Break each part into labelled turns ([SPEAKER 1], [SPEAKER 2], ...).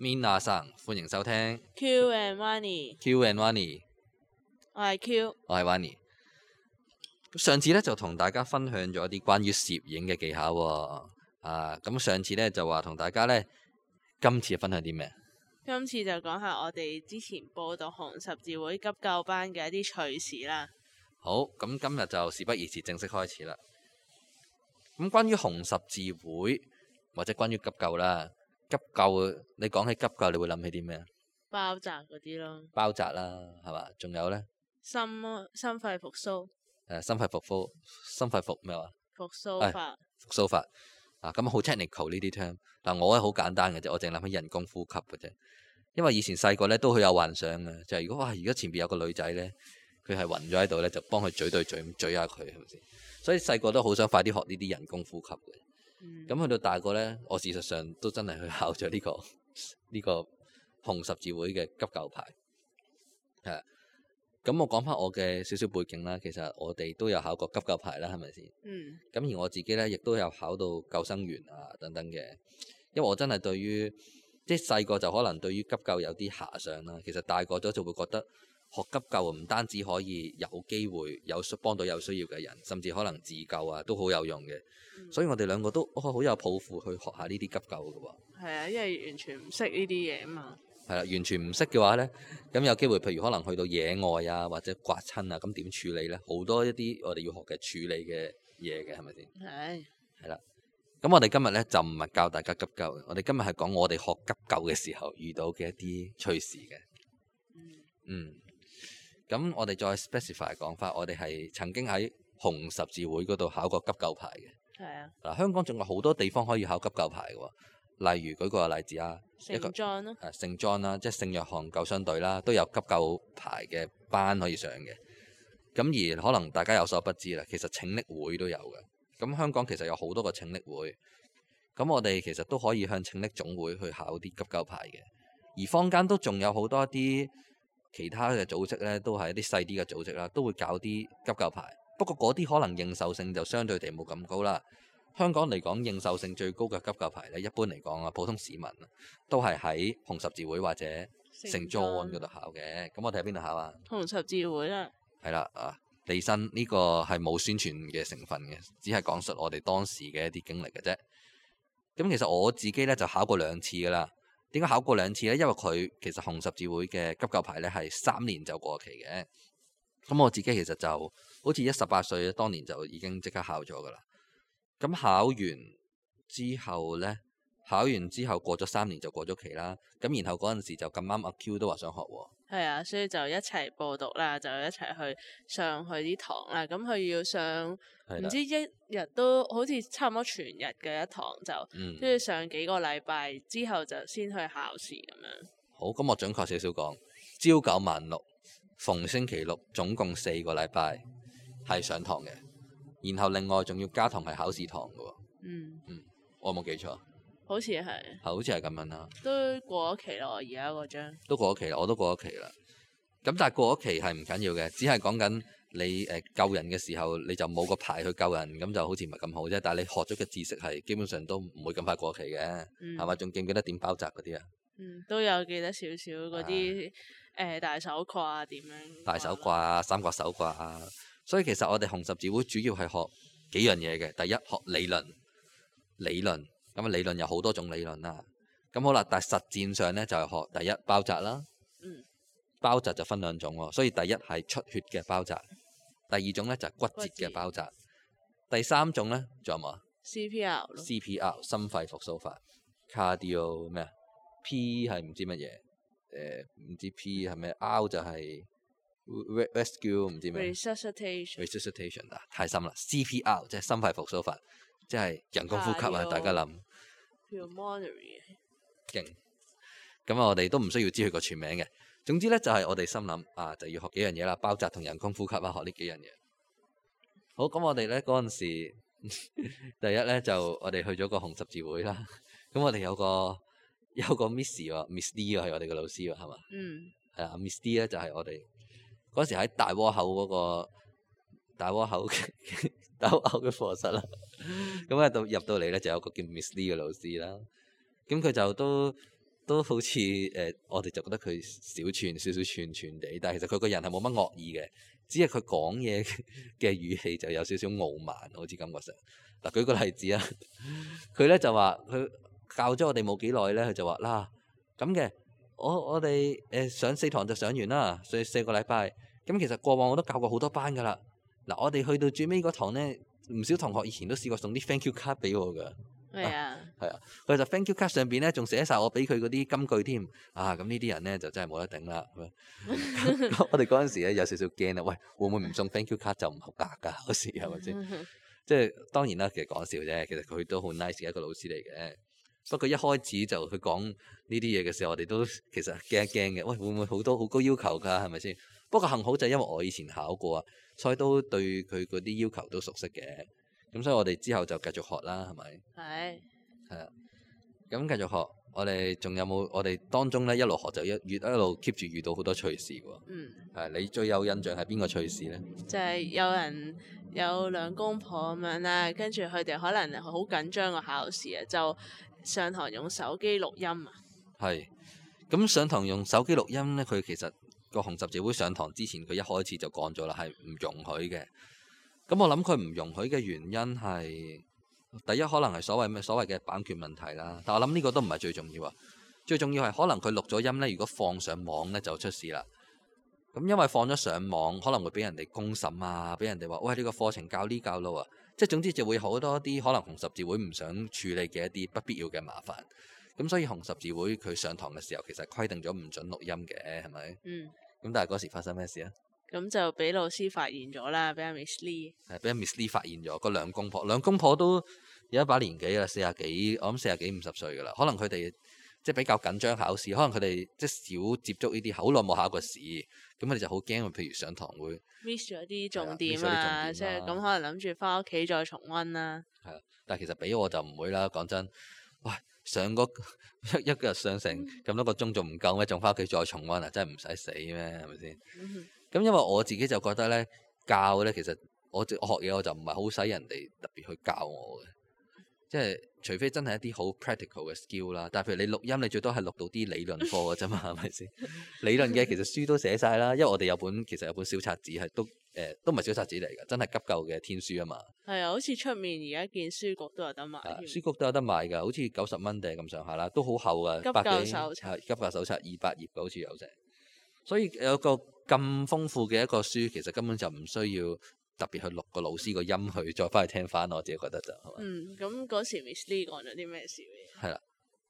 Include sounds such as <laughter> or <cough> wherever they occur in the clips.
[SPEAKER 1] Minna-san, 歡迎收聽。
[SPEAKER 2] Q and Wanny。
[SPEAKER 1] Q and Wanny。
[SPEAKER 2] 我係 Q。
[SPEAKER 1] 我係 Wanny。上次咧，就同大家分享咗啲關於攝影嘅技巧哦。啊，咁上次咧就話同大家咧，今次分享啲咩？
[SPEAKER 2] 今次就講下我哋之前報道紅十字會急救班嘅一啲趣事啦。
[SPEAKER 1] 好，咁今日就事不宜遲，正式開始啦。咁關於紅十字會或者關於急救啦。急救，啊，你講起急救，你會諗起啲咩啊？
[SPEAKER 2] 包紮嗰啲咯，
[SPEAKER 1] 包紮啦，係嘛？仲有咧？
[SPEAKER 2] 心心肺復甦。
[SPEAKER 1] 誒，心肺復復，啊，心肺復咩話？
[SPEAKER 2] 復甦法。哎，復
[SPEAKER 1] 甦法。啊，咁好 technical 呢啲 term，但我咧好簡單嘅啫，我淨係諗起人工呼吸嘅啫。因為以前細個咧都好有幻想嘅，就係如果哇，如果前邊有個女仔咧，佢係暈咗喺度咧，就幫佢嘴對嘴咀下佢，係咪先？所以細個都好想快啲學呢啲人工呼吸嘅。咁去、嗯、到大個呢，我事實上都真係去考咗呢、這個呢、這個紅十字會嘅急救牌，係。咁我講返我嘅少少背景啦，其實我哋都有考過急救牌啦，係咪先？嗯。咁而我自己呢，亦都有考到救生員啊等等嘅，因為我真係對於即係細個就可能對於急救有啲遐想啦。其實大個咗就會覺得。學急救唔單止可以有機會有幫到有需要嘅人，甚至可能自救啊都好有用嘅。嗯、所以我哋兩個都好有抱負去學下呢啲急救嘅喎、
[SPEAKER 2] 啊。係啊，因為完全唔識呢啲嘢啊嘛。
[SPEAKER 1] 係啦、啊，完全唔識嘅話咧，咁有機會譬如可能去到野外啊，或者刮親啊，咁點處理咧？好多一啲我哋要學嘅處理嘅嘢嘅，係咪先？係是。係啦、啊，咁我哋今日咧就唔係教大家急救，我哋今日係講我哋學急救嘅時候遇到嘅一啲趣事嘅。嗯。嗯咁我哋再 specify 講法，我哋係曾經喺紅十字會嗰度考過急救牌嘅。係啊。嗱、啊，香港仲有好多地方可以考急救牌嘅，例如舉個例子啦，聖莊咯，啦、啊，即係聖約翰救傷隊啦，都有急救牌嘅班可以上嘅。咁、嗯、而可能大家有所不知啦，其實拯溺會都有嘅。咁、嗯、香港其實有好多個拯溺會，咁、嗯、我哋其實都可以向拯溺總會去考啲急救牌嘅。而坊間都仲有好多啲。其他嘅組織咧，都係一啲細啲嘅組織啦，都會搞啲急救牌。不過嗰啲可能認受性就相對地冇咁高啦。香港嚟講，認受性最高嘅急救牌咧，一般嚟講啊，普通市民都係喺紅十字會或者聖 John 嗰度考嘅。咁我哋喺邊度考啊？
[SPEAKER 2] 紅十字會啦。
[SPEAKER 1] 係啦，啊李生呢、這個係冇宣傳嘅成分嘅，只係講述我哋當時嘅一啲經歷嘅啫。咁其實我自己咧就考過兩次噶啦。點解考過兩次咧？因為佢其實紅十字會嘅急救牌咧係三年就過期嘅。咁我自己其實就好似一十八歲，當年就已經即刻考咗㗎喇。咁考完之後咧，考完之後過咗三年就過咗期啦。咁然後嗰陣時就咁啱阿 Q 都話想學喎。
[SPEAKER 2] 係啊，所以就一齊報讀啦，就一齊去上去啲堂啦。咁佢要上唔知一日都好似差唔多全日嘅一堂，就跟住上幾個禮拜之後就先去考試咁樣。
[SPEAKER 1] 好，咁我準確少少講，朝九晚六，逢星期六總共四個禮拜係上堂嘅，然後另外仲要加堂係考試堂嘅。嗯嗯，我有冇記錯？
[SPEAKER 2] 好似係、
[SPEAKER 1] 啊、好似係咁樣啦。
[SPEAKER 2] 都過咗期啦，而家嗰張
[SPEAKER 1] 都過咗期啦，我都過咗期啦。咁但係過咗期係唔緊要嘅，只係講緊你誒、呃、救人嘅時候你就冇個牌去救人，咁就好似唔係咁好啫。但係你學咗嘅知識係基本上都唔會咁快過期嘅，係嘛、嗯？仲記唔記得點包紮嗰啲啊？嗯，
[SPEAKER 2] 都有記得少少嗰啲誒大手掛啊，點樣
[SPEAKER 1] 大手掛啊，三角手掛啊。所以其實我哋紅十字會主要係學幾樣嘢嘅，第一學理論，理論。咁理論有好多種理論啦。咁好啦，但係實戰上咧就係學第一包紮啦。嗯。包紮就分兩種喎，所以第一係出血嘅包紮，第二種咧就係骨，骨折嘅包紮。第三種咧仲有冇啊
[SPEAKER 2] ？CPR。
[SPEAKER 1] CPR 心肺復甦法，Cardio 咩啊？P 係唔知乜嘢，誒唔知 P 係咩？R 就係 Rescue 唔知咩
[SPEAKER 2] ？Resuscitation。
[SPEAKER 1] Resuscitation 啊，太深啦。CPR 即係心肺復甦法。usc 即係人工呼吸啊！大家諗，
[SPEAKER 2] 肺毛瑞，
[SPEAKER 1] 勁。咁啊，我哋都唔需要知佢個全名嘅。總之咧，就係我哋心諗啊，就要學幾樣嘢啦，包紮同人工呼吸啊，學呢幾樣嘢。好，咁我哋咧嗰陣時，第一咧就我哋去咗個紅十字會啦。咁我哋有個有個 Miss 喎，Miss D 喎係我哋嘅老師喎，係嘛？嗯。係啊，Miss D 咧就係我哋嗰時喺大窩口嗰個大窩口。嗯嗯嗯嗯嗯嗯鬥毆嘅課室啦，咁啊 <music> 到入到嚟咧，就有個叫 Miss Lee 嘅老師啦。咁佢就都都好似誒、呃，我哋就覺得佢小串少少串串地，但係其實佢個人係冇乜惡意嘅，只係佢講嘢嘅語氣就有少少傲慢，好似感覺上。嗱、啊，舉個例子 <laughs> 呢啊，佢咧就話佢教咗我哋冇幾耐咧，佢就話啦咁嘅，我我哋誒、呃、上四堂就上完啦，所以四個禮拜。咁其實過往我都教過好多班噶啦。嗱，我哋去到最尾嗰堂咧，唔少同學以前都試過送啲 thank you card 俾我㗎，係啊，係啊，佢、啊、就 thank you card 上邊咧仲寫晒我俾佢嗰啲金句添，啊，咁、嗯、呢啲人咧就真係冇得頂啦。 <laughs> <laughs> 我哋嗰陣時咧有少少驚啦，喂，會唔會唔送 thank you card 就唔合格㗎？好似係咪先？ <laughs> 即係當然啦，其實講笑啫，其實佢都好 nice 嘅一個老師嚟嘅。不過一開始就佢講呢啲嘢嘅時候，我哋都其實驚一驚嘅，喂，會唔會好多好高要求㗎？係咪先？不過幸好就係因為我以前考過啊。所以都對佢嗰啲要求都熟悉嘅，咁所以我哋之後就繼續學啦，係咪？
[SPEAKER 2] 係。係啊，
[SPEAKER 1] 咁繼續學，我哋仲有冇？我哋當中咧一路學就一越一路 keep 住遇到好多趣事喎、哦。嗯。係你最有印象係邊個趣事咧？
[SPEAKER 2] 就係有人有兩公婆咁樣啦，跟住佢哋可能好緊張個考試啊，就上堂用手機錄音啊。
[SPEAKER 1] 係。咁上堂用手機錄音咧，佢其實～個紅十字會上堂之前，佢一開始就講咗啦，係唔容許嘅。咁我諗佢唔容許嘅原因係，第一可能係所謂咩所謂嘅版權問題啦。但我諗呢個都唔係最重要啊，最重要係可能佢錄咗音咧，如果放上網咧就出事啦。咁因為放咗上網，可能會俾人哋公審啊，俾人哋話喂呢個課程教呢教嗰喎、啊，即係總之就會好多啲可能紅十字會唔想處理嘅一啲不必要嘅麻煩。咁所以紅十字會佢上堂嘅時候，其實規定咗唔准錄音嘅，係咪？嗯。咁但係嗰時發生咩事啊？
[SPEAKER 2] 咁就俾老師發現咗啦，阿 Miss Lee。
[SPEAKER 1] 係，俾 Miss Lee 發現咗個兩公婆，兩公婆都有一把年紀啦，四十幾，我諗四十幾五十歲㗎啦。可能佢哋即係比較緊張考試，可能佢哋即係少接觸呢啲，好耐冇考過試，咁佢哋就好驚。譬如上堂會
[SPEAKER 2] miss 咗啲重點啊，點啊即係咁可能諗住返屋企再重溫啦。係啊，
[SPEAKER 1] 但係其實俾我就唔會啦，講真，喂。上嗰一一日上成咁多個鐘，仲唔夠咩？仲翻屋企再重溫啊！真係唔使死咩？係咪先？咁、嗯、哼因為我自己就覺得咧，教咧其實我我學嘢我就唔係好使人哋特別去教我嘅。即係除非真係一啲好 practical 嘅 skill 啦，但係譬如你錄音，你最多係錄到啲理論課㗎啫嘛，係咪先？理論嘅其實書都寫晒啦，因為我哋有本其實有本小冊子係都誒、欸、都唔係小冊子嚟嘅，真係急救嘅天書啊嘛。
[SPEAKER 2] 係啊，好似出面而家見書局都有得賣。
[SPEAKER 1] 書局都有得賣㗎，好似九十蚊定係咁上下啦，都好厚啊。百幾急救手冊，急救手冊二百頁嘅好似有成。所以有個咁豐富嘅一個書，其實根本就唔需要。特別去錄個老師個音去，再翻去聽翻，我自己覺得就係嘛。嗯，
[SPEAKER 2] 咁嗰時 Miss Lee 講咗啲咩事？
[SPEAKER 1] 係啦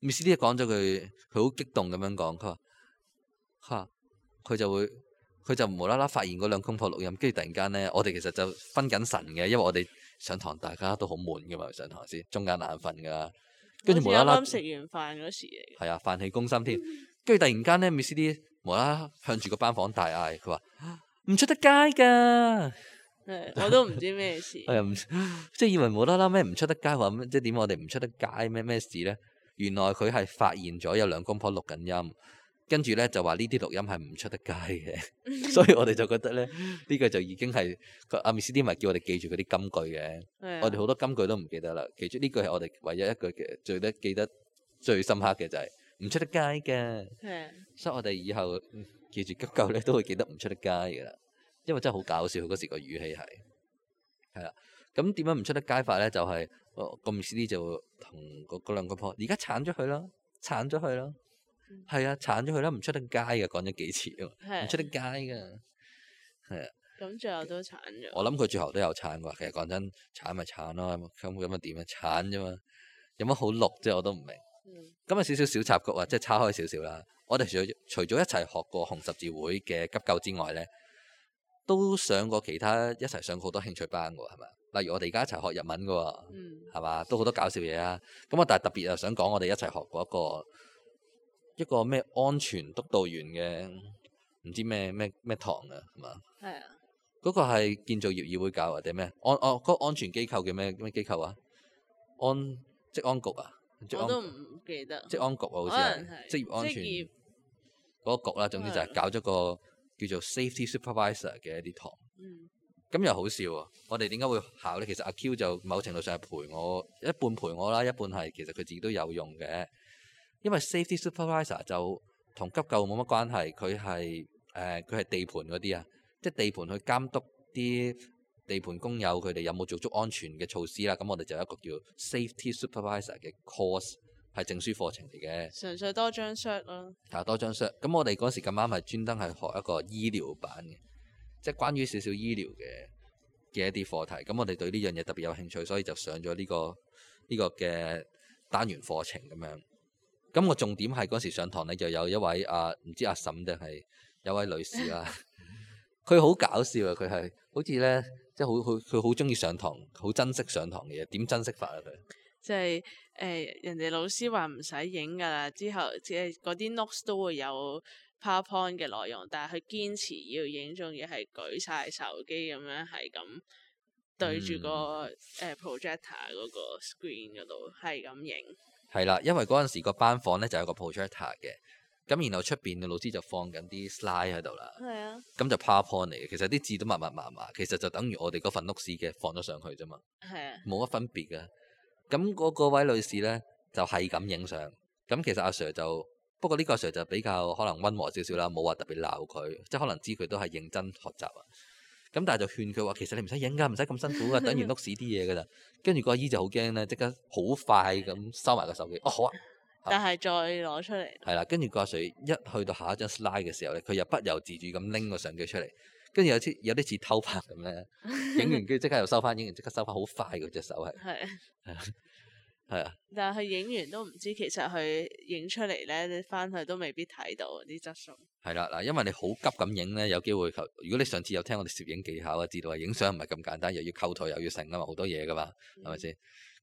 [SPEAKER 1] ，Miss Lee 講咗佢，佢好激動咁樣講，佢話嚇，佢就會佢就無啦啦發現嗰兩公婆錄音，跟住突然間咧，我哋其實就分緊神嘅，因為我哋上堂大家都好悶㗎嘛，上堂先中間眼瞓㗎，跟住無啦啦
[SPEAKER 2] 食完飯嗰時嚟。
[SPEAKER 1] 係啊，飯氣攻心添，跟住 <laughs> 突然間咧，Miss Lee 無啦啦向住個班房大嗌，佢話唔出得街㗎。
[SPEAKER 2] 我都唔
[SPEAKER 1] 知咩事。係、 <laughs> 啊、即係以為冇得啦咩唔出得街，話即係點？我哋唔出得街咩咩事咧？原來佢係發現咗有兩公婆錄緊音，跟住咧就話呢啲錄音係唔出得街嘅，所以我哋就覺得咧呢、這個就已經係阿 Miss D 咪叫我哋記住嗰啲金句嘅。 <laughs> 我哋好多金句都唔記得啦，其實呢句係我哋唯一一句記得記得最深刻嘅就係、是、唔出得街嘅。
[SPEAKER 2] <laughs>
[SPEAKER 1] 所以我哋以後、嗯、記住急救咧都會記得唔出得街嘅啦。因為真係好搞笑，嗰時個語氣係係啦。咁點解唔出得街法咧？就係咁先啲就同嗰嗰兩個婆，而家鏟咗佢咯，鏟咗佢咯。係啊，鏟咗佢啦，唔、嗯、出得街噶，講咗幾次啊，唔、嗯、出得街噶。係啊。
[SPEAKER 2] 咁最後都鏟咗。我諗
[SPEAKER 1] 佢最後都有鏟啩。其實講真剷剷，鏟咪鏟咯，咁咁又點啊？鏟啫嘛，有乜好六啫？我都唔明。咁、嗯、有少少小，小插曲啊，即係叉開少少啦。我哋除咗一齊學過紅十字會嘅急救，救之外咧。都上過其他一齊上過好多興趣班㗎喎，係咪？例如我哋而家一齊學日文㗎喎，係嘛、嗯？都好多搞笑嘢啊！咁啊，但係特別啊，想講我哋一齊學過一個一個咩安全督導員嘅唔知咩咩咩堂㗎，係嘛？係啊！嗰個係建造業議會教或者咩？安哦嗰、啊、安全機構嘅咩咩機構啊？安職安局啊？我都唔記
[SPEAKER 2] 得。職安局啊，局啊局好似。可能係。職業安全
[SPEAKER 1] 嗰業個局啦，總之就係搞咗個。嗯叫做 Safety Supervisor 嘅一啲堂，咁、嗯、又好笑喎、啊。我哋點解會考呢？其實阿 Q 就某程度上係陪我一半陪我啦，一半係其實佢自己都有用嘅。因為 Safety Supervisor 就同急救冇乜關係，佢係誒佢係地盤嗰啲啊，即係地盤去監督啲地盤工友佢哋有冇做足安全嘅措施啦。咁我哋就有一個叫 Safety Supervisor 嘅 course。係證書課程嚟嘅，
[SPEAKER 2] 純粹多張 shot 咯。
[SPEAKER 1] 係多張 shot，咁我哋嗰時咁啱係專登係學一個醫療版嘅，即、就、係、是、關於少少醫療嘅嘅一啲課題。咁我哋對呢樣嘢特別有興趣，所以就上咗呢、這個呢、這個嘅單元課程咁樣。咁、那、我、個、重點係嗰時上堂咧，就有一位阿唔、啊、知阿嬸定係有位女士啦、啊。佢好 <laughs> 搞笑啊！佢係好似咧，即係好好佢好中意上堂，好珍惜上堂嘅嘢。點珍惜法啊佢？
[SPEAKER 2] 即係誒人哋老師話唔使影㗎啦。之後即係嗰啲 notes 都會有 PowerPoint 嘅內容，但係佢堅持要影，仲要係舉晒手機咁樣，係咁對住個誒、嗯呃、projector 嗰個 screen 嗰度係咁影。
[SPEAKER 1] 係啦，因為嗰陣時個班房咧就有個 projector 嘅，咁然後出邊嘅老師就放緊啲 slide 喺度啦，咁的就 PowerPoint 嚟嘅。其實啲字都密密麻麻，其實就等於我哋份 notes 嘅放咗上去啫嘛，冇乜的分別㗎。咁嗰位女士呢，就係咁影相，咁其實阿 Sir 就不過呢個阿 Sir 就比較可能溫和少少啦，冇話特別鬧佢，即係可能知佢都係認真學習啊，咁但係就勸佢話其實你唔使影㗎，唔使咁辛苦㗎，等於碌屎啲嘢㗎啦。跟住個阿姨就好驚呢，即刻好快咁收埋個手機。哦，好
[SPEAKER 2] 啊，啊但係再攞出嚟。
[SPEAKER 1] 係啦，跟住個阿 Sir 一去到下一張 slide 嘅時候呢，佢又不由自主咁拎個相機出嚟。跟住有次有啲似偷拍咁咧，影完跟住即刻又收翻，影完即刻收翻，好快嗰隻手係，係係
[SPEAKER 2] 啊！ <laughs> 的但係佢影完都唔知，其實佢影出嚟咧，你翻去都未必睇到啲質素。
[SPEAKER 1] 係啦嗱，因為你好急咁影咧，有機會求。如果你上次有聽我哋攝影技巧啊，知道啊，影相唔係咁簡單，又要構圖，又要成噶嘛，好多嘢噶嘛，係咪先？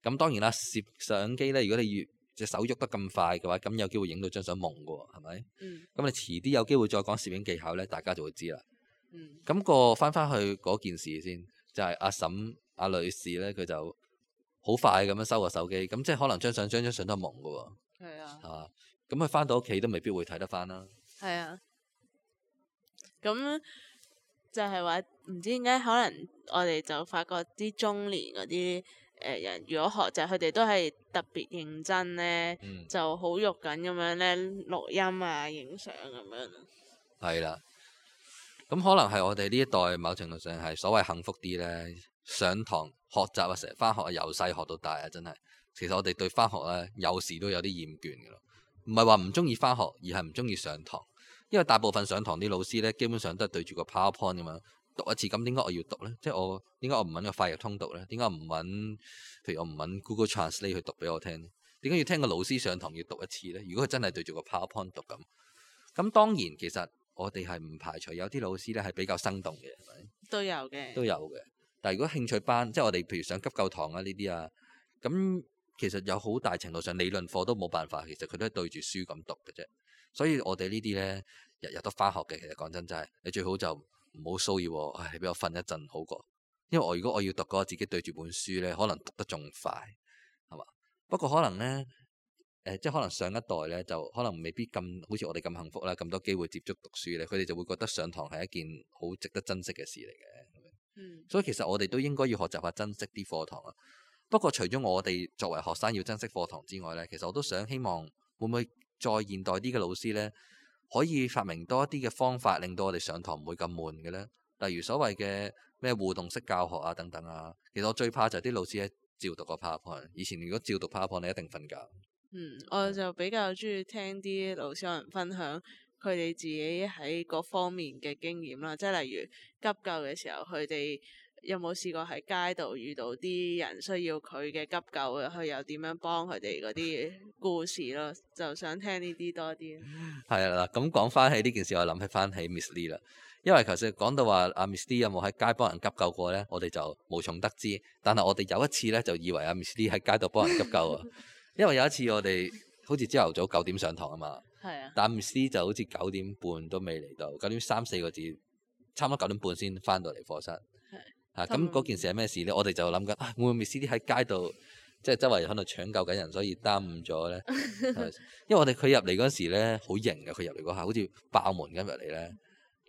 [SPEAKER 1] 咁、嗯、當然啦，攝相機咧，如果你越隻手喐得咁快嘅話，咁有機會影到張相蒙噶，係咪？嗯。咁你遲啲有機會再講攝影技巧咧，大家就會知啦。咁、嗯、個翻翻去嗰件事先，就係、是、阿嬸阿女士咧，佢就好快咁樣收個手機，咁即係可能張相張張相都係蒙㗎喎。係啊。係嘛？咁佢翻到屋企都未必會睇得翻啦。
[SPEAKER 2] 係啊。咁就係話唔知點解，可能我哋就發覺啲中年嗰啲誒人，如果學習佢哋都係特別認真咧，嗯、就好喐緊咁樣咧錄音啊、影相咁樣。
[SPEAKER 1] 係啦、啊。咁可能係我哋呢一代某程度上係所謂幸福啲咧，上堂學習啊，成日翻學啊，由細學到大啊，真係。其實我哋對翻學咧有時都有啲厭倦嘅咯，唔係話唔中意翻學，而係唔中意上堂。因為大部分上堂啲老師咧，基本上都係對住個 PowerPoint 咁樣讀一次。咁點解我要讀咧？即係我點解我唔揾個快譯通讀咧？點解我唔揾譬如我唔揾 Google Translate 去讀俾我聽呢？點解要聽個老師上堂要讀一次咧？如果佢真係對住個 PowerPoint 讀咁，咁當然其實。我哋係唔排除有啲老師咧係比較生動嘅，係咪？
[SPEAKER 2] 都有嘅都有嘅。
[SPEAKER 1] 但係如果興趣班，即係我哋譬如上急救堂啊呢啲啊，咁其實有好大程度上理論課都冇辦法，其實佢都係對住書咁讀嘅啫。所以我哋呢啲咧日日都翻學嘅，其實講真真係你最好就唔好騷擾我，唉俾我瞓一陣好過。因為我如果我要讀嘅話嗰個，自己對住本書咧，可能讀得仲快係嘛。不過可能咧。誒，即係可能上一代咧，就可能未必咁好似我哋咁幸福啦，咁多機會接觸讀書咧，佢哋就會覺得上堂係一件好值得珍惜嘅事嚟嘅。嗯，所以其實我哋都應該要學習下珍惜啲課堂啊。不過，除咗我哋作為學生要珍惜課堂之外呢，其實我都想希望會唔會再現代啲嘅老師呢，可以發明多一啲嘅方法，令到我哋上堂唔會咁悶嘅呢？例如所謂嘅咩互動式教學啊，等等啊。其實我最怕就係啲老師咧照讀個 PowerPoint。以前如果照讀 PowerPoint，你一定瞓覺。
[SPEAKER 2] 嗯，我就比較中意聽啲老少人分享佢哋自己喺各方面嘅經驗啦，即係例如急救嘅時候，佢哋有冇試過喺街度遇到啲人需要佢嘅急救嘅，佢又點樣幫佢哋嗰啲故事咯。 <laughs> 就想聽呢啲多啲。
[SPEAKER 1] 係啦、 <laughs> 嗯，咁講翻起呢件事，我諗起翻起 Miss Lee 啦，因為頭先講到話阿 Miss Lee 有冇喺街幫人急救過呢？我哋就無從得知。但係我哋有一次呢，就以為阿 Miss Lee 喺街度幫人急救啊。 <laughs> 因為有一次我哋好似朝頭早九點上堂啊嘛，係啊，但 Missy 就好似九點半都未嚟到，九點三四個字，差唔多九點半先翻到嚟課室。係啊，嚇咁嗰件事係咩事咧？我哋就諗緊、哎，會唔會 Missy 喺街度，即係周圍喺度搶救緊人，所以耽誤咗咧？因為我哋佢入嚟嗰時咧，好型嘅佢入嚟嗰下，好似爆門咁入嚟咧，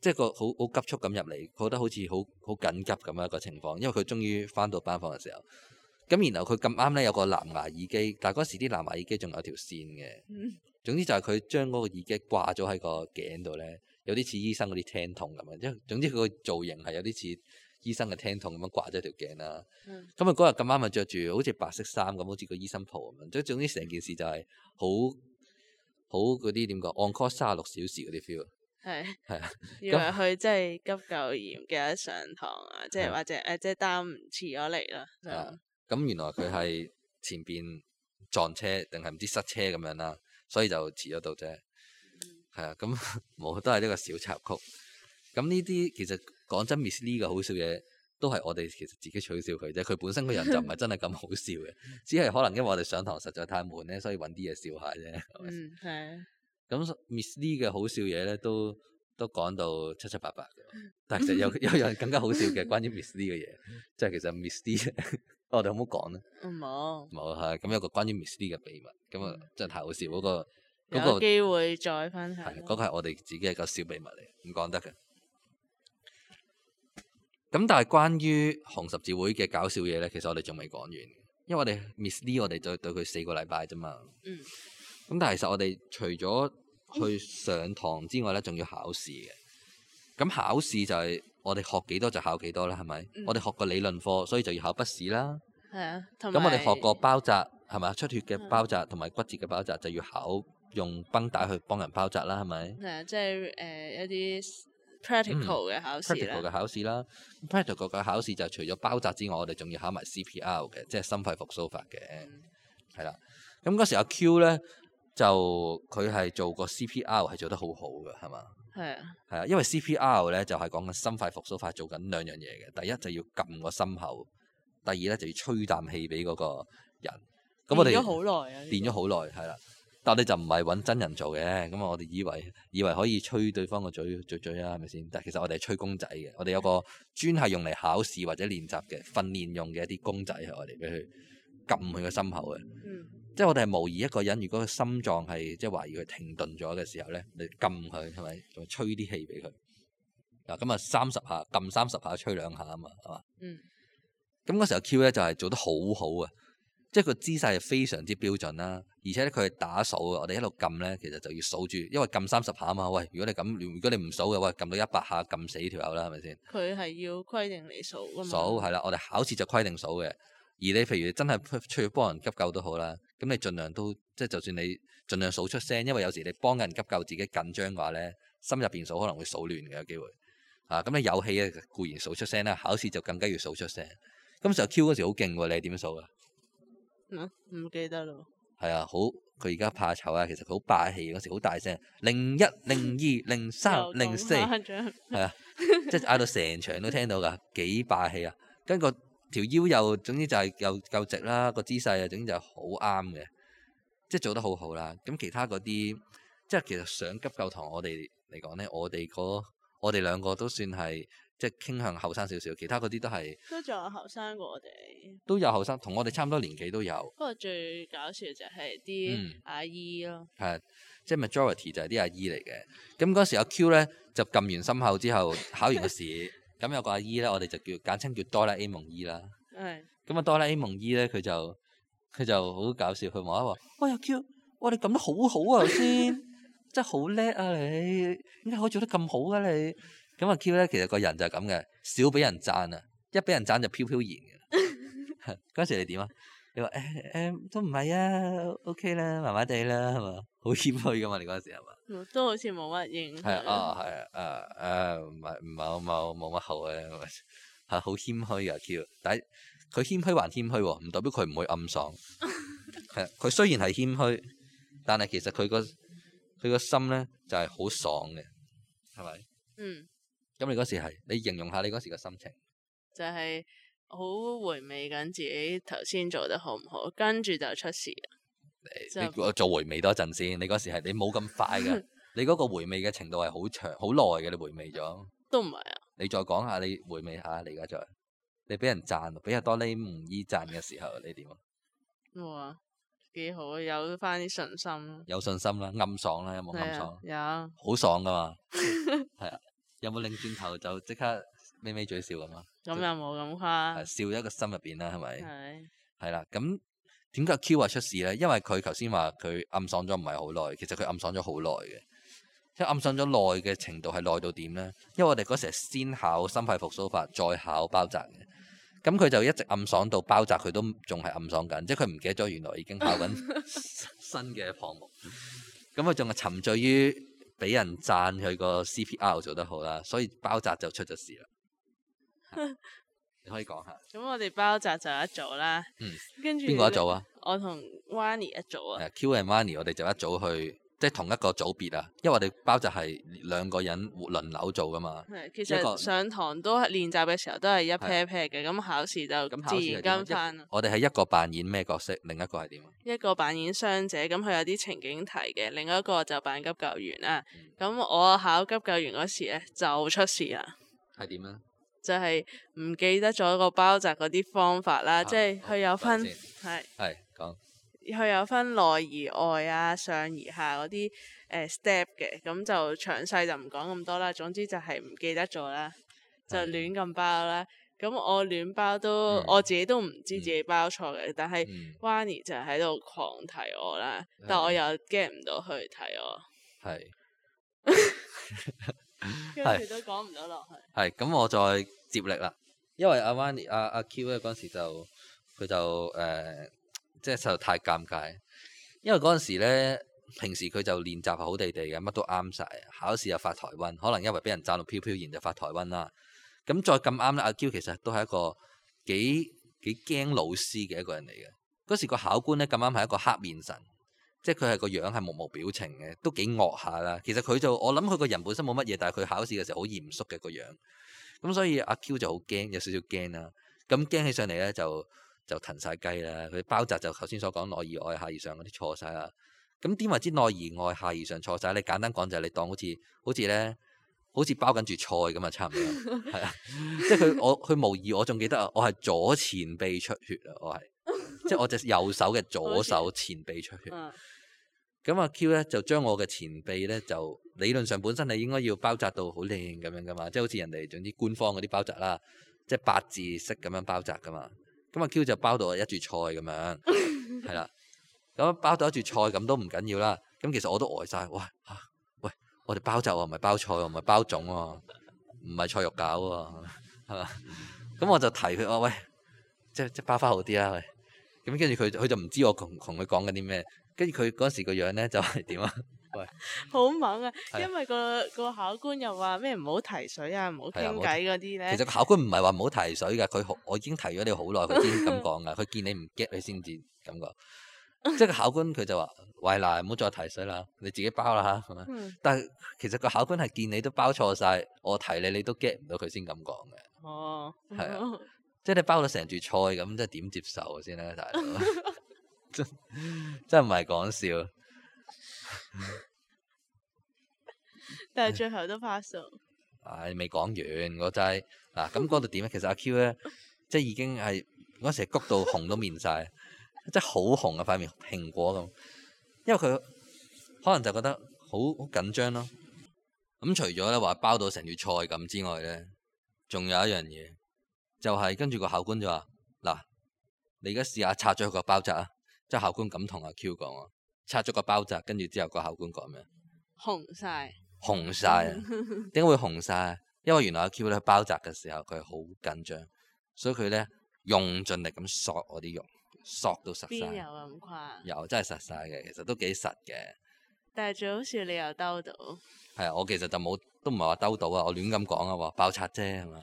[SPEAKER 1] 即係個好好急促咁入嚟，覺得好似好好緊急咁樣一個情況。因為佢終於翻到班房嘅時候。咁然後佢咁啱咧有個藍牙耳機，但係嗰時啲藍牙耳機仲有條線嘅、嗯。總之就係佢將嗰個耳機掛咗喺個頸度咧，有啲似醫生嗰啲聽筒咁樣。因為總之佢個造型係有啲似醫生嘅聽筒咁樣掛咗條頸啦。咁啊嗰日咁啱啊着住好似白色衫咁，好似個醫生袍咁。即係總之成件事就係好好嗰啲點講 on call 三十六小時嗰啲 feel。係係啊，佢
[SPEAKER 2] 即係急救員，記得上堂啊，即係或者誒即係擔唔遲咗嚟啦。嗯嗯嗯嗯嗯嗯嗯
[SPEAKER 1] 咁原來佢係前面撞車定係唔知塞車咁樣啦，所以就遲咗到啫。係啊，咁冇都係一個小插曲。咁呢啲其實講真，Miss Lee 嘅好笑嘢都係我哋其實自己取笑佢啫。佢本身個人就唔係真係咁好笑嘅， <laughs> 只係可能因為我哋上堂實在太悶咧，所以搵啲嘢笑下啫。嗯，係。咁 Miss Lee 嘅好笑嘢咧都都講到七七八八嘅，
[SPEAKER 2] 但其實有有樣更加好笑嘅
[SPEAKER 1] 關於 Miss Lee 嘅嘢，即係 <laughs> <laughs> 其實 Miss Lee。 <laughs> 我哋好唔好講咧？
[SPEAKER 2] 唔冇，嗯，
[SPEAKER 1] 冇係咁有個關於 Miss Lee 嘅秘密，咁啊，嗯嗯，真係太好笑嗰個，
[SPEAKER 2] 嗰個機會再分享。
[SPEAKER 1] 嗰個係我哋自己一個小秘密嚟，唔講得嘅。咁但係關於紅十字會嘅搞笑嘢咧，其實我哋仲未講完，因為我哋 Miss Lee 我哋對我對佢四個禮拜啫嘛。嗯。咁但係其實我哋除咗去上堂之外咧，仲要考試嘅。咁考試就係。我哋學幾多就考幾多啦，係咪？嗯、我哋學過理論課，所以就要考筆試啦。
[SPEAKER 2] 係啊、嗯，咁我哋學過
[SPEAKER 1] 包紮，係咪？出血嘅包紮同埋骨折嘅包紮，就要考用繃帶去幫人包紮啦，係咪？係啊、嗯，
[SPEAKER 2] 即係誒、呃、一啲 practical 嘅、嗯、考試，practical 嘅
[SPEAKER 1] 考試啦。practical 嘅考試就除咗包紮之外，我哋仲要考埋 CPR 嘅，即係心肺復甦法嘅。係啦、嗯，咁嗰時阿 Q 咧。就佢係做個 CPR 係做得好好嘅，係嘛？係啊，係啊，因為 CPR 咧就係講緊心肺復甦法做緊兩樣嘢嘅。第一就要撳個心口，第二咧就要吹啖氣俾嗰個人。咁我哋練咗好耐，練咗好耐係啦。但係我就唔係揾真人做嘅。咁啊，我哋以為以為可以吹對方個嘴，嘴嘴嘴啊，係咪先？但係其實我哋係吹公仔嘅。我哋有個專係用嚟考試或者練習嘅訓練用嘅一啲公仔係我哋俾佢撳佢個心口嘅。嗯。即係我哋係模擬一個人，如果佢心臟係即係懷疑佢停頓咗嘅時候咧，你撳佢係咪？再吹啲氣俾佢嗱，咁啊三十下撳三十下，吹兩下啊嘛，係嘛？嗯。咁嗰時候 Q 咧就係做得好好啊！即係個姿勢係非常之標準啦，而且咧佢係打數嘅。我哋一路撳咧，其實就要數住，因為撳三十下啊嘛。喂，如果你咁，如果你唔數嘅，喂撳到一百下撳死條友啦，係咪先？
[SPEAKER 2] 佢係要規定你數㗎嘛。數係
[SPEAKER 1] 啦，我哋考試就規定數嘅。而你譬如真係出去幫人急救都好啦。咁你儘量都即係，就算你儘量數出聲，因為有時你幫人急救自己緊張嘅話咧，心入邊數可能會數亂嘅機會。啊，咁你有氣啊，固然數出聲啦。考試就更加要數出聲。咁時,時候 Q 嗰時好勁喎，你係點數㗎？唔
[SPEAKER 2] 唔記得咯。
[SPEAKER 1] 係啊，好，佢而家怕醜啊，其實佢好霸氣嗰時好大聲，零一零二零三零四，係啊，即係嗌到成場都聽到㗎，幾霸氣啊！跟個條腰又總之就係又夠直啦，個姿勢啊總之就好啱嘅，即係做得好好啦。咁其他嗰啲即係其實上急救堂我哋嚟講咧，我哋、嗰個我哋兩個都算係即係傾向後生少少，其他嗰啲都係
[SPEAKER 2] 都仲有後生過我哋，
[SPEAKER 1] 都有後生同我哋差唔多年紀都有。
[SPEAKER 2] 不過、嗯、最搞笑就係啲阿姨咯，
[SPEAKER 1] 係、嗯、即係 majority 就係啲阿姨嚟嘅。咁嗰時阿 Q 咧就撳完心口之後 <laughs> 考完個試。 <laughs> 咁有個阿姨咧，我哋就叫簡稱叫哆啦 A 夢姨啦。係。咁啊，哆啦 A 夢姨咧，佢就佢就好搞笑。佢望一望，喂阿 Q，我哋撳得好好啊，頭先，真係好叻啊！你點解可以做得咁好嘅、啊、你？咁阿 Q 咧，其實個人就係咁嘅，少俾人讚啊，一俾人讚就飄飄然嘅。嗰 <laughs> 時你點啊？你話誒誒都唔係啊，OK 啦，麻麻地啦，係嘛？好謙虛㗎嘛，你嗰陣時係嘛？
[SPEAKER 2] 都好似冇乜應。係啊，係、
[SPEAKER 1] 哦、啊，誒、呃、誒，唔係唔係好冇冇乜好嘅，係好、啊、謙虛啊，叫。但係佢謙虛還謙虛喎，唔代表佢唔會暗爽。係佢、 <laughs> 啊、雖然係謙虛，但係其實佢個佢個心咧就係、是、好爽嘅，係咪？嗯。咁你嗰時係你形容下你嗰時嘅心情。
[SPEAKER 2] 就係、是。好回味緊自己頭先做得好唔好，跟住就出事。來不你
[SPEAKER 1] 做回味多陣先，你嗰時係你冇咁快嘅，你嗰 <laughs> 個回味嘅程度係好長好耐嘅。你回味咗，
[SPEAKER 2] 都唔係啊。
[SPEAKER 1] 你再講下，你回味下，你而家再，你俾人讚，俾阿多呢唔姨讚嘅時候，你點
[SPEAKER 2] 啊？哇，幾好啊，啊，啊，有翻啲信心。
[SPEAKER 1] 有信心啦，暗爽啦，啊，有冇暗爽？有。好爽噶嘛？係 <laughs> 啊。有冇擰轉頭就即刻？咪咪嘴笑咁啊！咁又
[SPEAKER 2] 冇咁誇。
[SPEAKER 1] 笑咗個心入邊啦，係咪？係是。係啦，咁點解 Q 話出事咧？因為佢頭先話佢暗爽咗唔係好耐，其實佢暗爽咗好耐嘅。即係暗爽咗耐嘅程度係耐到點咧？因為我哋嗰時係先考心肺復蘇法，再考包紮嘅。咁佢就一直暗爽到包紮，佢都仲係暗爽緊，即係佢唔記得咗原來已經考緊 <laughs> 新嘅項目。咁佢仲係沉醉於俾人讚佢個 CPR 做得好啦，所以包紮就出咗事啦。 <laughs> 你可以講
[SPEAKER 2] 下，咁我哋包紮就一組啦。嗯，跟住邊個一組啊？ <noise> Q、ani，我同 Winnie 一組啊。係 Q
[SPEAKER 1] and Winnie 我哋就一組去，即、就、係、是、同一個組別啊。因為我哋包紮係兩個人輪流做噶嘛。
[SPEAKER 2] 係，其實上堂都練習嘅時候都係一 pair pair 嘅，咁是考試就自然跟翻回。
[SPEAKER 1] 我哋係一個扮演咩角色，另一個係點啊？
[SPEAKER 2] 一個扮演傷者，咁佢有啲情景題嘅，另一個就扮急救員啊。咁我考急救員嗰時咧就出事啦。
[SPEAKER 1] 係點啊？
[SPEAKER 2] 就係唔記得咗個包紮嗰啲方法啦，啊、即係佢有分係，佢有分內而外啊，上而下嗰啲誒 step 嘅，咁就詳細就唔講咁多啦。總之就係唔記得咗啦，就亂咁包啦。咁是我亂包都、嗯、我自己都唔知自己包錯嘅，嗯、但係 Wany 就喺度狂提我啦，嗯、但我又 get 唔到佢提我。
[SPEAKER 1] 係是。 <laughs> 跟住都講
[SPEAKER 2] 唔到落去。
[SPEAKER 1] 係，咁我再接力啦。因為阿 Van、阿阿 Q 咧，嗰陣時就，佢就誒、呃，即係實在太尷尬。因為嗰陣時咧，平時佢就練習好地地嘅，乜都啱晒。考試又發台灣，可能因為俾人讚到飄飄然就發台灣啦。咁再咁啱咧，阿 Q 其實都係一個幾幾驚老師嘅一個人嚟嘅。嗰時個考官咧咁啱係一個黑面神。即係佢係個樣係木無表情嘅，都幾惡下啦。其實佢就我諗佢個人本身冇乜嘢，但係佢考試嘅時候好嚴肅嘅個樣。咁所以阿 Q 就好驚，有少少驚啦。咁驚起上嚟咧，就就騰晒雞啦。佢包紮就頭先所講內而外下而上嗰啲錯晒啦。咁點為之內而外下而上錯晒？你簡單講就係你當好似好似咧，好似包緊住菜咁啊，差唔多係啊。 <laughs> 即係佢 <laughs> 我佢無疑。我仲記得啊，我係左前臂出血啊，我係即係我隻右手嘅左手前臂出血。咁阿 Q 咧就將我嘅前臂咧，就理論上本身你應該要包紮到好靚咁樣噶嘛，即係好似人哋總之官方嗰啲包紮啦，即係八字式咁樣包紮噶嘛。咁阿 Q 就包到一注菜咁樣， <laughs> 啦樣係啦。咁包到一注菜咁都唔緊要啦。咁其實我都呆晒，喂、啊，喂，我哋包紮喎、啊，唔係包菜唔、啊、係包粽喎、啊，唔係菜肉餃喎、啊，係嘛？咁我就提佢，哦喂，即即包翻好啲啦、啊，喂。咁跟住佢佢就唔知我同同佢講緊啲咩。跟住佢嗰時個樣咧就係點啊？喂，好猛啊！因為個
[SPEAKER 2] 個考官又話咩唔好提水啊，唔好傾偈嗰啲咧。 <laughs> 其實
[SPEAKER 1] 考官唔係話唔好提水嘅，佢我已經提咗你好耐，佢先咁講噶。佢 <laughs> 見你唔 get，你先至咁講。 <laughs> <laughs> 即係個考官佢就話：喂嗱，唔好再提水啦，你自己包啦嚇。但係其實個考官係見你都包錯晒，我提你，你都 get 唔到佢先咁講嘅。哦，係啊，即係你包咗成住菜咁，即係點接受先咧，大佬？ <laughs> 真係唔係講笑，
[SPEAKER 2] <laughs> 但係最後都怕數。
[SPEAKER 1] 唉、 <laughs> 哎，未講完我就係嗱，咁嗰度點咧？其實阿 Q 咧，即係已經係嗰時谷到紅都面晒， <laughs> 即係好紅啊塊面蘋果咁。因為佢可能就覺得好好緊張咯。咁除咗咧話包到成條菜咁之外咧，仲有一樣嘢，就係、是、跟住個考官就話：嗱，你而家試下拆咗個包紮啊！即係考官咁同阿 Q 講啊，拆咗個包紮，跟住之後個考官講咩啊？
[SPEAKER 2] 紅晒，
[SPEAKER 1] 紅晒啊！點解 <laughs> 會紅晒？因為原來阿 Q 咧包紮嘅時候，佢係好緊張，所以佢咧用盡力咁索我啲肉，索到實晒。邊有
[SPEAKER 2] 咁誇？
[SPEAKER 1] 有，真係實晒嘅，其實都幾實嘅。
[SPEAKER 2] 但係最好笑你又兜到，
[SPEAKER 1] 係啊！ <laughs> 我其實就冇，都唔係話兜到啊！我亂咁講啊，話包拆啫係嘛，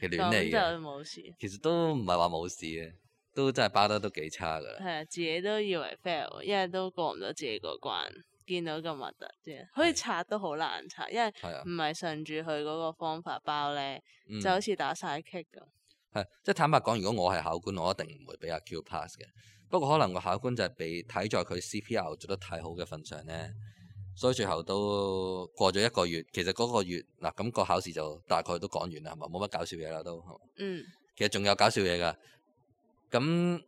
[SPEAKER 1] 其實亂嚟嘅。冇 <laughs> <laughs> 事。其實都唔係話冇事嘅。 <laughs> 都真係包得都幾差嘅，係啊！
[SPEAKER 2] 自己都以為 fail，因為都過唔到自己個關，見到咁核突啲，可以擦都好難擦，因為唔係順住佢嗰個方法包咧，嗯、就好似打晒棘 i 咁。
[SPEAKER 1] 係、啊、即係坦白講，如果我係考官，我一定唔會俾阿 Q pass 嘅。不過可能個考官就係俾睇在佢 CPR 做得太好嘅份上咧，所以最後都過咗一個月。其實嗰個月嗱咁、那個考試就大概都講完啦，係嘛，冇乜搞笑嘢啦都。嗯，其實仲有搞笑嘢㗎。咁誒、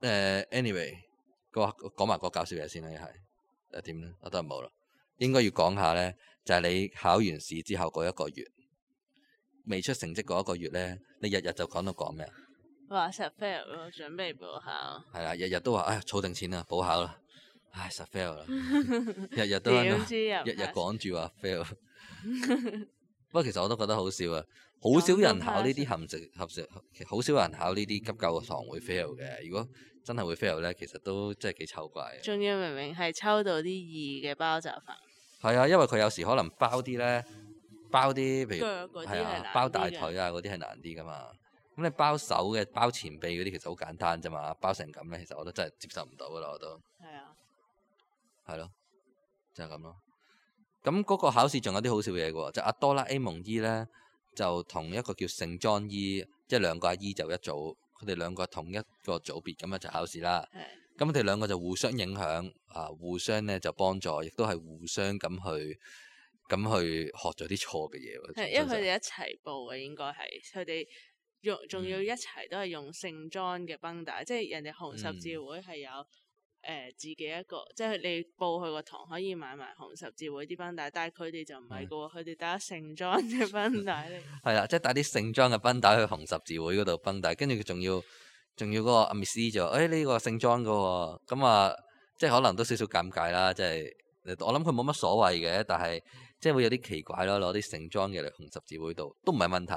[SPEAKER 1] 嗯、anyway，講講埋嗰搞笑嘢先啦，又係誒點咧？我都冇啦，應該要講下咧，就係、是、你考完試之後嗰一個月，未出成績嗰一個月咧，你日日就講到講咩
[SPEAKER 2] 啊？話實 fail 咯，準備補考。
[SPEAKER 1] 係啦，日日都話，哎，儲定錢啦，補考啦，唉，實 fail 啦，
[SPEAKER 2] 日日 <laughs> 都，日日講
[SPEAKER 1] 住話 fail。 <laughs> 不過其實我都覺得好笑啊！好少人考呢啲陷阱，陷阱好少人考呢啲急救嘅堂會 fail 嘅。如果真係會 fail 咧，其實都真係幾醜怪。
[SPEAKER 2] 仲要明明係抽到啲易嘅包紮法。
[SPEAKER 1] 係啊、嗯，因為佢有時可能包啲咧，包啲譬如係啊，包大腿啊嗰啲係難啲噶嘛。咁你包手嘅、包前臂嗰啲其實好簡單啫嘛。包成咁咧，其實我都真係接受唔到噶啦，我都係啊，係咯，就係咁咯。咁嗰個考試仲有啲好笑嘢喎，就阿多拉 A 蒙 E 咧，就同一個叫聖 John E 即係兩個阿姨就一組，佢哋兩個同一個組別咁樣就考試啦。係的。咁佢哋兩個就互相影響，啊互相咧就幫助，亦都係互相咁去，咁去學咗啲錯嘅嘢。因為
[SPEAKER 2] 佢哋一齊報嘅應該係佢哋用，仲要一齊都係用聖 John 嘅繃帶，嗯、即係人哋紅十字會係有。嗯誒自己一個，即係你報佢個堂可以買埋紅十字會啲繃帶，但係佢哋就唔係嘅喎，佢哋帶聖裝嘅繃帶嚟。
[SPEAKER 1] 係啦，即係帶啲聖裝嘅繃帶去紅十字會嗰度繃帶，跟住佢仲要仲要嗰個阿 Miss 就誒呢個聖裝嘅喎，咁啊即係可能都少少尷尬啦，即係我諗佢冇乜所謂嘅，但係即係會有啲奇怪咯，攞啲聖裝嘅嚟紅十字會度都唔係問題。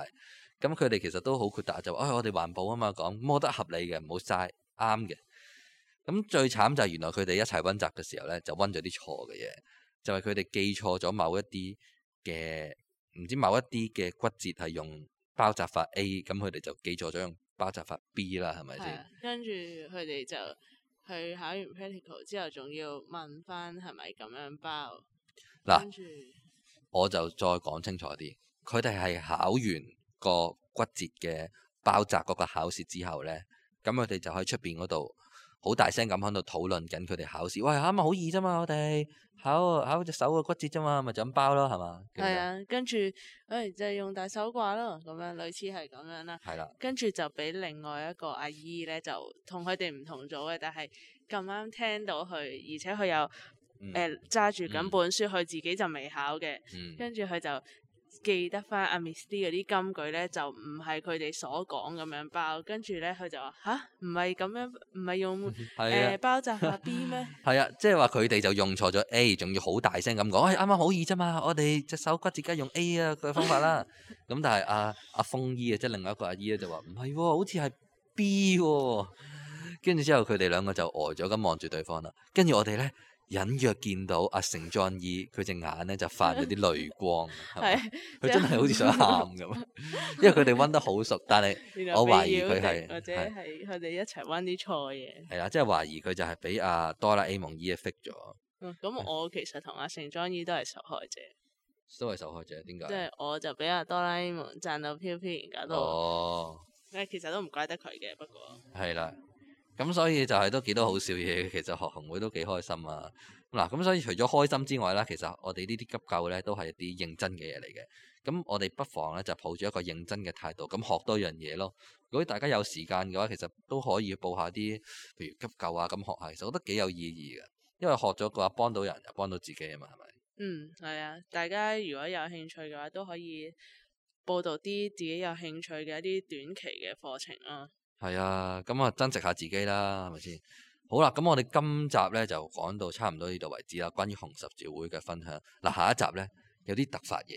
[SPEAKER 1] 咁佢哋其實都好豁達，就話誒我哋環保啊嘛，講摸得合理嘅，唔好嘥，啱嘅。咁最慘就係原來佢哋一齊溫習嘅時候咧，就溫咗啲錯嘅嘢，就係佢哋記錯咗某一啲嘅唔知某一啲嘅骨折係用包紮法 A，咁佢哋就記錯咗用包紮法 B 啦，係咪先？
[SPEAKER 2] 跟住佢哋就去考完 practical 之後，仲要問翻係咪咁樣包。
[SPEAKER 1] 嗱，我就再講清楚啲，佢哋係考完個骨折嘅包紮嗰個考試之後咧，咁佢哋就喺出邊嗰度。好大聲咁喺度討論緊佢哋考試，喂，啱咪好易啫嘛，我哋考考隻手個骨折啫嘛，咪就咁包咯，係嘛？係
[SPEAKER 2] 啊，跟住誒、哎、就係用大手掛咯，咁樣類似係咁樣啦。係啦、啊，跟住就俾另外一個阿姨咧，就同佢哋唔同咗嘅，但係咁啱聽到佢，而且佢又誒揸住緊本書，佢、嗯、自己就未考嘅，跟住佢就。記得翻阿 Miss D 嗰啲金句咧，就唔係佢哋所講咁樣包，跟住咧佢就話吓？唔係咁樣，唔係用誒、 <laughs> 呃、包紮個 B 咩？
[SPEAKER 1] 係 <laughs> 啊，即係話佢哋就用錯咗 A，仲要大聲、哎、好大聲咁講，啱啱好易啫嘛，我哋隻手骨折而家用 A 啊佢個方法啦。咁 <laughs> 但係阿阿風姨啊，啊即係另外一個阿姨咧，啊、就話唔係，好似係 B 喎、啊。跟住之後佢哋兩個就呆咗咁望住對方啦。跟住我哋咧。隱約見到阿成壯義佢隻眼咧就發咗啲淚光，係佢真係好似想喊咁， <laughs> 因為佢哋溫得好熟，但係我懷疑佢係，或者
[SPEAKER 2] 係佢哋一齊溫啲錯嘢。
[SPEAKER 1] 係啦、啊，即係懷疑佢就係俾阿哆啦 A 夢 E fix 咗。嗯，
[SPEAKER 2] 咁我其實同阿成壯義、e、都係受害者，
[SPEAKER 1] 都係受害者，點解？即係
[SPEAKER 2] 我就俾阿哆啦 A 夢賺到飄飄而家都。我，哦、其實都唔怪得佢嘅，不
[SPEAKER 1] 過係啦。咁所以就係都幾多好笑嘢，其實學紅會都幾開心啊！嗱，咁所以除咗開心之外啦，其實我哋呢啲急救咧都係一啲認真嘅嘢嚟嘅。咁我哋不妨咧就抱住一個認真嘅態度，咁學多樣嘢咯。如果大家有時間嘅話，其實都可以報下啲，譬如急救啊，咁學下，其實我覺得幾有意義嘅，因為學咗嘅話，幫到人又幫到自己啊嘛，係咪？
[SPEAKER 2] 嗯，係啊，大家如果有興趣嘅話，都可以報讀啲、嗯、自己有興趣嘅一啲短期嘅課程啊。
[SPEAKER 1] 係啊，咁啊增值下自己啦，係咪先？好啦，咁我哋今集咧就講到差唔多呢度為止啦。關於紅十字會嘅分享，嗱，下一集咧有啲突發嘢，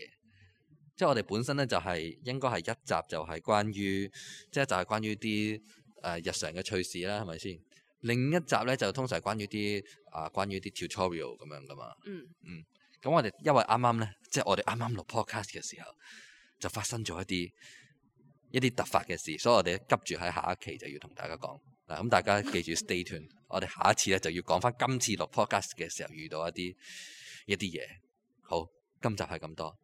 [SPEAKER 1] 即係我哋本身咧就係、是、應該係一集就係關於，即係就係、是、關於啲誒日常嘅趣事啦，係咪先？另一集咧就通常係關於啲啊關於啲 tutorial 咁樣噶嘛。嗯嗯，咁、嗯、我哋因為啱啱咧，即係我哋啱啱錄 podcast 嘅時候，就發生咗一啲。一啲突發嘅事，所以我哋急住喺下一期就要同大家講嗱。咁大家記住 Stay tuned， <laughs> 我哋下一次咧就要講返今次落 podcast 嘅時候遇到一啲一啲嘢。好，今集係咁多，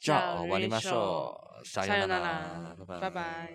[SPEAKER 2] 之後我 Vanessa 再見啦，拜拜。拜拜。